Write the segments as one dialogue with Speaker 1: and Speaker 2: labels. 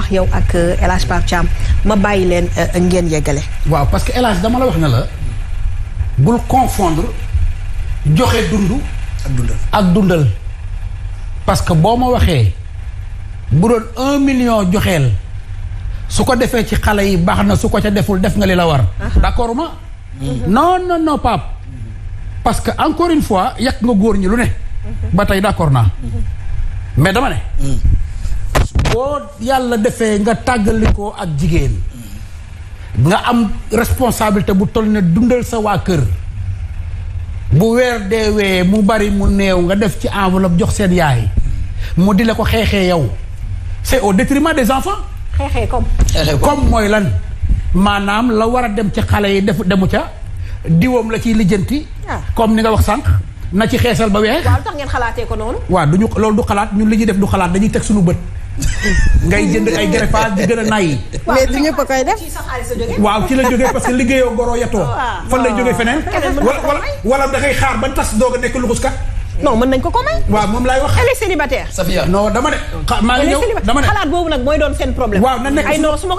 Speaker 1: baax yow ak euh, El Hadj Pape ma bàyyi leen euh, ngeen yeggale.
Speaker 2: waaw parce que El Hadj dama la wax ne la bul confondre joxe dund. ak dundal ak dundal. parce que boo ma waxee bu doon un million joxeel su ko defee ci xale yi baax na su ko ca deful def nga li la war. d'accord ma. Mhm. non non non Pape. parce que encore une fois yàq nga góor ñi lu ne. Mhm. ba tey d'accord naa. Mhm. mais dama ne. boo yàlla defee nga tàggalikoo ak jigéen nga am responsabilité bu toll ne dundal sa waa kër bu weer deewee mu bari mu néew nga def ci enveloppe jox seen yaay mu di la ko xeexee yow c'est au détriment des enfants xeexee comme comme mooy lan maanaam la war a dem ci xale yi def demu ca diwam la ciy lijjanti ah. comme ni nga wax sànq na ci xeesal ba weex
Speaker 1: waaw tax ngeen xalaatee ko noonu
Speaker 2: waaw duñu loolu du xalaat ñun li ñuy def du xalaat dañuy teg suñu bët ngay jënd ay greffage di gën a nay.
Speaker 1: mais du ñëpp a koy def. waaw ci la jógee parce que
Speaker 2: goro yatoo. fan lay feneen. wala wala xaar ban tas doog a nekk mën nañ ko ko may. waaw moom laay wax. elle est célibataire. Safia non dama ne. maa ngi ñëw dama ne
Speaker 1: xalaat waaw na nekk ay noor su ma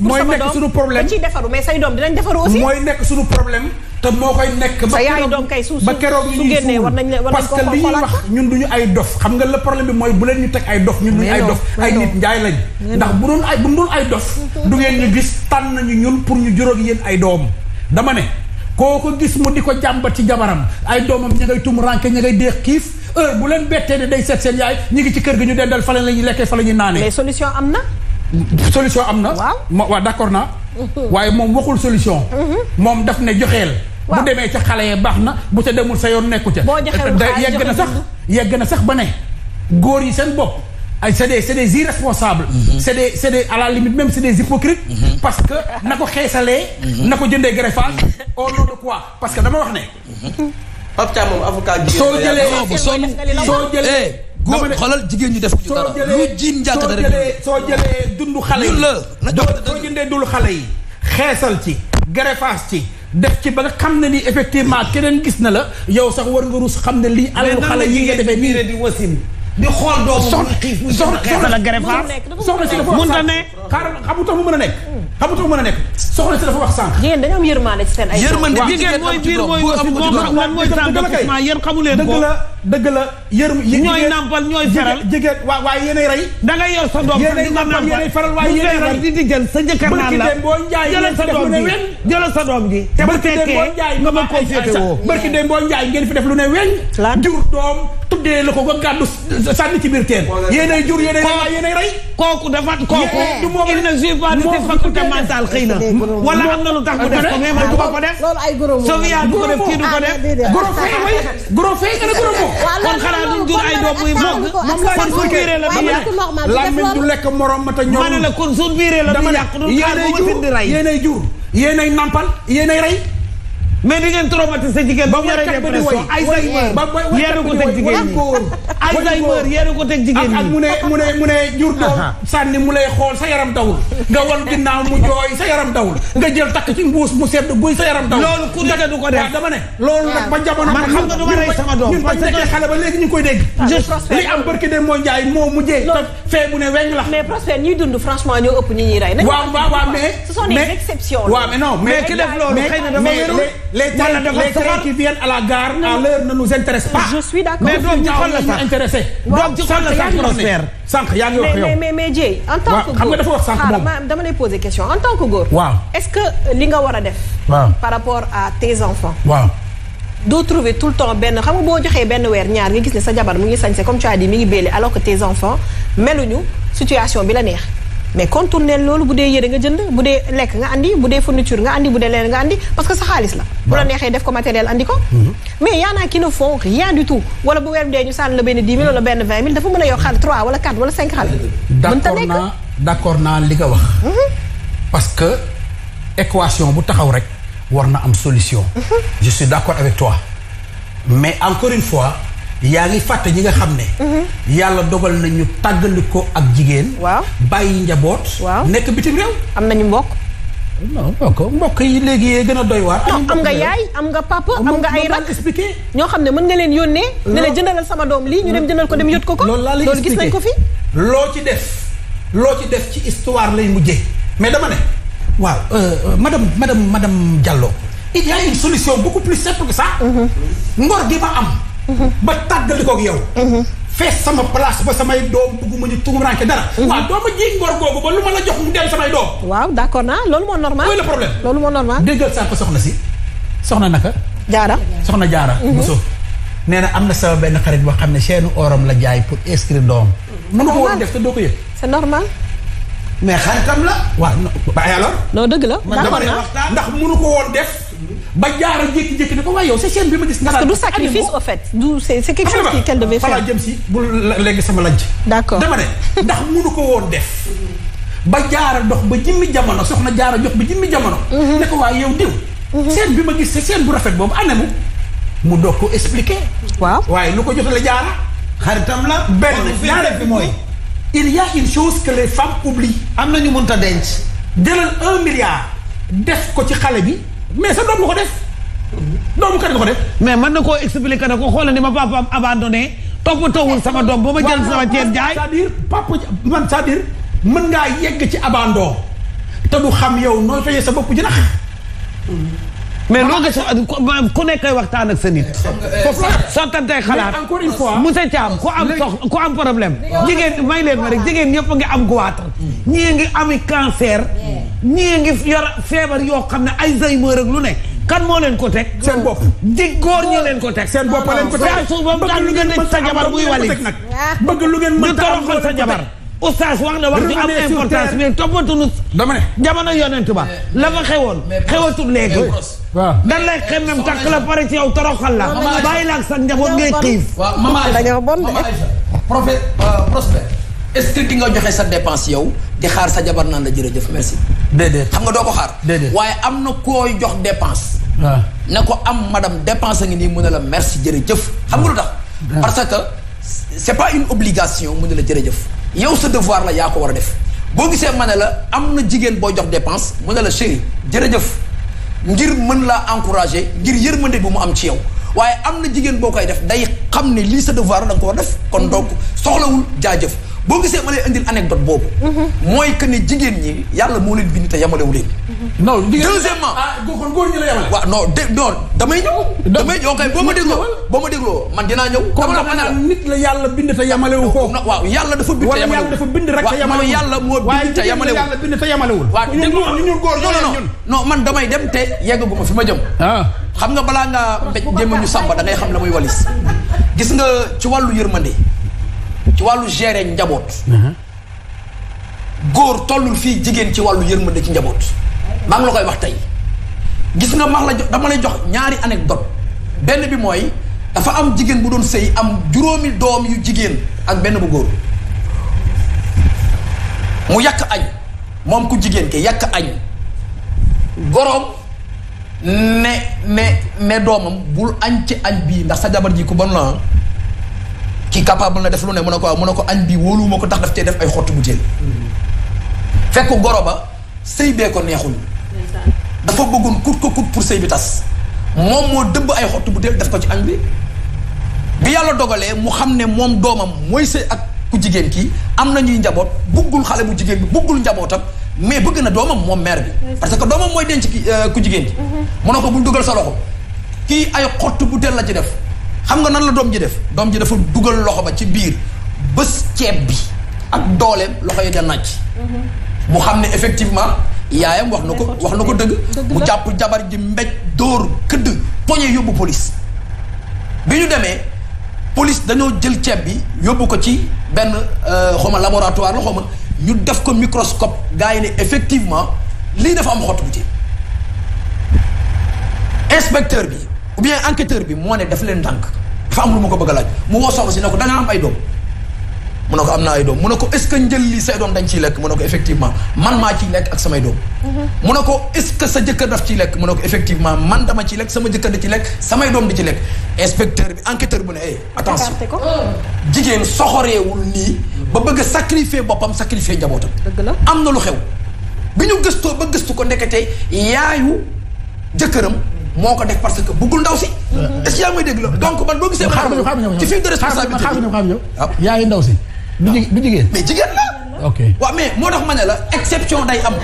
Speaker 1: mooy nekk suñu problème pour sama doom da mooy nekk
Speaker 2: suñu problème. te moo koy nekk. ba keroog ba keroog ñu ñuy suul parce que li ñuy wax ñun duñu ay dof xam nga le problème bi mooy bu leen ñu teg ay dof ñun duñu ay dof ay nit njaay lañ ndax bu doon ay bu doon ay dof du ngeen ñu gis tànn ñu ñun pour ñu juróog yéen ay doom dama ne koo ko gis mu di ko jàmbat ci jabaram ay doomam ña ngay tum ranke ña ngay dee xiif heure bu leen bettee ne day seet seen yaay ñu ngi ci kër gi ñu dendal fa la lekkee fa la ñuy naanee. mais solution am na. solution am na. waa waaw d'accord naa waaye moom waxul solution. Mhm. moom daf ne joxeel. bu demee ca xale ya baax na bu ca demul sa yoon nekku ca. yegg na sax yegg na sax ba ne góor yi seen bopp. ay c'est des c'est des irresponsables. Mhm. c'est des c'est mhm. parce que na ko xeesalee. na ko jëndee greffage au nom de quoi parce que dama wax ne. Pape Thiam moom avocat. soo jëlee soo jëlee. Eh, góor xoolal jigéen ñi defuñu dara lu jiin njàkkata rek soo jëlee dundu xale yi la soo jëndee dundu xale yi xeesal ci greffage ci def ci ba nga xam ne ni effectivement keneen gis na la yow sax war nga rus xam ne lii alalu xale yi nga defee nii di wasin di xool doomu soxna xiif mu soxna la greffage soxna si dafa wax sànq xaaral xamu tax mu mën a nekk xamu tax mu mën a nekk soxna si dafa wax sànq
Speaker 1: jigéen dañu am yërmande ci seen ay yërmande jigéen mooy biir mooy wasin moom mooy tànn yéen xamu leen ko dëgg la
Speaker 2: dëgg la yërëm ñooy nàmpal ñooy faral jigéen waa waaye yéenay rey da ngay yor sa doom yéenay nàmpal yéenay faral waaye yéenay rey sa jëkkër naan la jëlal sa doom ji jëlal sa doom ji te bu tekkee nga ma koy féete woo barki dem boo njaay ngeen fi def jur doom tuddee la ko nga gàddu sànni ci biir teen yéenay jur yéenay rey kooku dafa kooku du moom il ne suit pas de ses facultés xëy na wala am na lu tax mu def ko mais man du ko def
Speaker 1: Sofia du ko def kii du ko ah, def goro fee nga ne goro moom kon xanaa duñ jur ay doom muy moom la kon suñ biiree lekk morom
Speaker 2: ma te ñoom ma ne la kon suñ biiree la du yàq du yéenay jur yéenay jur yéenay nampal yéenay rey mais di ngeen traumatisé jigéen ba mu waree dépression Alzheimer yéen a ko teg jigéen ñi Alzheimer yéen a ko teg jigéen ñi ak mu ne mu ne mu ne jur doom sànni mu lay xool sa yaram dawul nga wan ginnaaw mu jooy sa yaram dawul nga jël takk ci mbuus mu sedd buy sa yaram dawul loolu ku dëgg du ko def dama ne loolu nag ba ah. jamono man xam nga dama rey sama doom ñun bañ nekkee xale ba léegi ñu ngi koy dégg li am barki de moo njaay moo mujjee fee bu ne weñ la mais prospère ñuy dund franchement
Speaker 1: ñoo ëpp ñi ñuy rey waaw waaw waaw mais ce sont des exceptions waaw mais non mais ki def loolu xëy na dafa les trains les trains qui viennent
Speaker 2: à la gare à l'heure mais doom ci xool la sax intéressé. waaw ci en
Speaker 1: tant que góor dama lay poser question en tant que góor. est-ce que euh, li nga war a def. par rapport à tes enfants. waaw. doo trouver tout le temps benn xam nga boo joxee benn weer ñaar nga gis ne sa jabar mu ngi sañse comme tu as dit mi ngi béele alors que tes enfants meluñu situation bi la neex. mais contourneel loolu bu dee yére nga jënd bu dee lekk nga andi bu dee fourniture nga andi bu dee leen nga andi parce que sa xaalis la bu la neexee def ko matériel andi ko mhm. mais y'en a qui ne font rien du tout wala bu weer bi dee ñu sànn la benn 10 000 wala benn 20 000 dafa mën a yor xal 3 wala 4 wala 5 xal d'accord
Speaker 2: naa li nga wax mhm. parce que équation bu taxaw rek war na am solution mhm. je suis d'accord avec toi mais encore une fois yaa ngi fàtte ñi nga xam ne. Mhm. yàlla dogal na ñu tàggalikoo ak jigéen. waaw bàyyi njaboot. waaw nekk bitim réew. am nañu mbokk. non mbokk mbokk yi léegi yee gën a doy waar. am nga yaay
Speaker 1: am nga papa am nga ay rak expliqué. ñoo xam ne mën nga leen yónnee. ne la jëndalal sama doom lii ñu dem jëndal
Speaker 2: ko dem yót ko ko. loolu laa lay expliqué loolu gis nañ ko fi. loo ci def loo ci def ci histoire lay mujjee mais dama ne waaw euh, euh, madame madame madame Diallo il y a une solution beaucoup plus simple que ça. Mhm. ngor gi ma am. ba tàggali koog yow. fees sama place ba samay doom bëgguma ñu tumuranke dara. waaw doo ma ji ngor googu ba lu ma la jox mu dem samay doom.
Speaker 1: waaw d' accord naa loolu moo normal.
Speaker 2: mooy
Speaker 1: le soxna si
Speaker 2: soxna naka. jaara soxna jaara. mosoo mhm. nee na am na sama benn xarit boo xam ne seenu oram la jaay pour inscrire doom. mënu ko woon def te doo ko yëg. c' est normal. mais xaritam la. waaw ba ay alors.
Speaker 1: non dëgg la d' accord naa ndax
Speaker 2: mënu ko woon def. ba jaara jékki-jékki ne ko waaye yow sa chaîne bi ma gis. nga parce que du sacrifice au
Speaker 1: fait du c'est
Speaker 2: c'est quelque chose qu'elle devait faire
Speaker 1: jëm si bu léegi sama laaj. d'accord dama ne
Speaker 2: ndax mënu ko woon def. ba jaara dox ba jimmi jamono soxna jaara jox ba jimmi jamono. Mhm. ne ko waaye yow diw. seen mhm. bi ma gis si seen bu rafet boobu anamu mu doog ko expliquer. waaw waaye lu ko jotale jaara. xaritam la benn ñaareel bi mooy. il yaa a une chose que les femmes oublient. am na ñu mënut a denc. jëlal un milliard. def ko ci xale bi mais sa doom nga ko def. doomu kan nga ko def. mais mën na koo expliquer ne ko xoolal ni ma papa am abandonné toppatoowul sama doom ba ma jël sama ceeb jaay. c'est-à-dire papa man c'est-à-dire mën ngaa yegg ci abandon te du xam yow nooy fayee sa bopp jinax. mais loo gis ku nekk koy waxtaan ak sa nit. Eh, foofu la sottante xalaat encore une fois monsieur Thiam ku am sox ku am problème. jigéen may leen ma rek jigéen ñëpp ngi am goitre. ñii ngi ami cancer. ñii ngi yor feebar yoo xam ne Alzheimer ak lu ne kan moo leen ko teg. seen bopp di góor ñi leen ko teg. seen bopp leen ko teg bëgg lu ngeen sa jabar buy wali ah. bëgg lu ngeen mën toroxal sa jabar. oustaz wax na wax ju am importance mais toppatunu. dama ne jamono yonent ba la fa xewoon xewatul léegi. waaw dan lay xemmem takk la pare ci yow toroxal la. bàyyi la ak sa njaboot ngay xiif. waaw maman Aïcha dañoo bon de. prophète euh, prospère. est-ce que di nga joxe sa dépense yow di xaar sa jabar naan la jërëjëf merci. déedéet xam nga doo ko xaar. déedéet waaye am na kooy jox dépense. waaw ah. na ko am madame dépense ngi nii mu ne la merci jërëjëf. xam nga lu tax. Ah. parce que c'est pas une obligation mu ne la jëf yow sa devoir la yaa ko war a def boo gisee ma ne la am na jigéen boo jox dépense mu ne la chérie jërëjëf ngir mën laa encourager ngir yërmande bu mu am ci yow. waaye am na jigéen boo koy def day xam ne lii sa devoir da nga ko def kon donc soxlawul jaajëf boo gisee ma lay indil anecdote boobu. Mhm. mooy que ni jigéen ñi yàlla moo leen bind te yamalewu leen. Mhm. non jigéen deuxièmement ah góor góor ñi la yamale. waaw non de non damay ñëw. damay ñëw kay boo ma ma dégloo man dinaa ñëw. dama la maanaam nit la yàlla bind te yamalewu ko. waaw yàlla dafa bind te yamalewu yàlla dafa bind rek te waaw yàlla moo bind te yamalewu waaye yàlla bind te yamalewul. waaw dégg nga ñun ñun góor ñoo leen ñun. non man damay dem te yeggagu ma fi ma jëm. Ah. xam nga balaa ngaa mbéj jéem ñu sàmba da ngay xam la muy walis gis nga ci wàllu yërmande ci wàllu gérer njaboot. Mhm. góor tollul fii jigéen ci wàllu yërmande ci njaboot. maa la koy wax tey gis nga max la dama lay jox ñaari anecdote benn bi mooy dafa am jigéen bu doon sëy am juróomi doom yu jigéen ak benn bu góor mu yàkk añ moom ku jigéen ki yàkk añ goroom ne ne ne doomam bul añ ci añ bii ndax sa jabar ji ku bon naa capable na def lu ne mu ne ko waaw mu ne ko añ bi wóoluwuma ko tax daf cee def ay bu butéel fekk goro ba sëy bee ko neexul dafa bëggoon kut ko kut pour sëy bi tas moom moo dëbb ay xottu butéel def ko ci añ bi bi yàlla dogalee mu xam ne moom doomam mooy sëy ak ku jigéen kii am na ñuy njaboot buggul xale bu jigéen bi bëggul njabootam mais bëgg na doomam moom mère bi parce que doomam mooy denc ki euh, ku jigéen ki mhm. mu ne ko bul dugal sa loxo kii ay xottu butéel la ci def xam nga nan la doom ji def doom ji dafa dugal loxo ba ci biir bés ceeb bi ak dooleem loxo yi da nàcc mhm. mu xam ne effectivement yaayam wax na ko wax na ko dëgg mu jàpp jabar ji mbéj dóor këdd poñe yóbbu police bi ñu demee police dañoo jël ceeb bi yóbbu ko ci benn euh, xawma laboratoire la xawma ñu def ko microscope gars yi ne effectivement lii dafa am xottu bu ci inspecteur bi ou bien enquêteur bi moo ne daf leen ndànk dafa am lu ma ko bëgg a laaj mu woo soxna si ne ko da am ay doom mu ne ko am naa ay doom mu ne ko est ce que njël li say doom dañ ciy lekk mu ne ko effectivement man maa ciy lekk ak samay doom
Speaker 1: mm-hmm. mu ne
Speaker 2: ko est ce que sa jëkkër daf ciy lekk mu ne ko effectivement man dama ciy lekk sama jëkkër di ci lekk samay doom di ci lekk inspecteur bi enquêteur bu ne eh attention jigéen soxoreewul nii ba bëgg a sacrifier boppam sacrifier njabootam am na lu xew bi ñu gëstoo ba gëstu ko ndekete yaayu jëkkëram moo ko def parce que bëggul ndaw si. Mm-hmm. est-ce que yaa may dégg la donc man boo gisee. xaaral ma ñëw ci film de responsabilité bi yaayu ndaw si. du jigéen mais jigéen la. ok waaw mais moo tax ma ne la exception day am.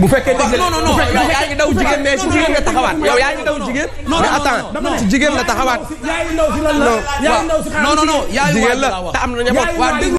Speaker 2: bu fekkee dégg non non non yow yaa ngi daw jigéen mais si jigéen la taxawaat yow yaa ngi daw jigéen. non mais attends si jigéen la taxawaat. yaayu ndaw si lan la yaayu ndaw si xaaral jigéen la non non non yaayu waaj la te am na njaboot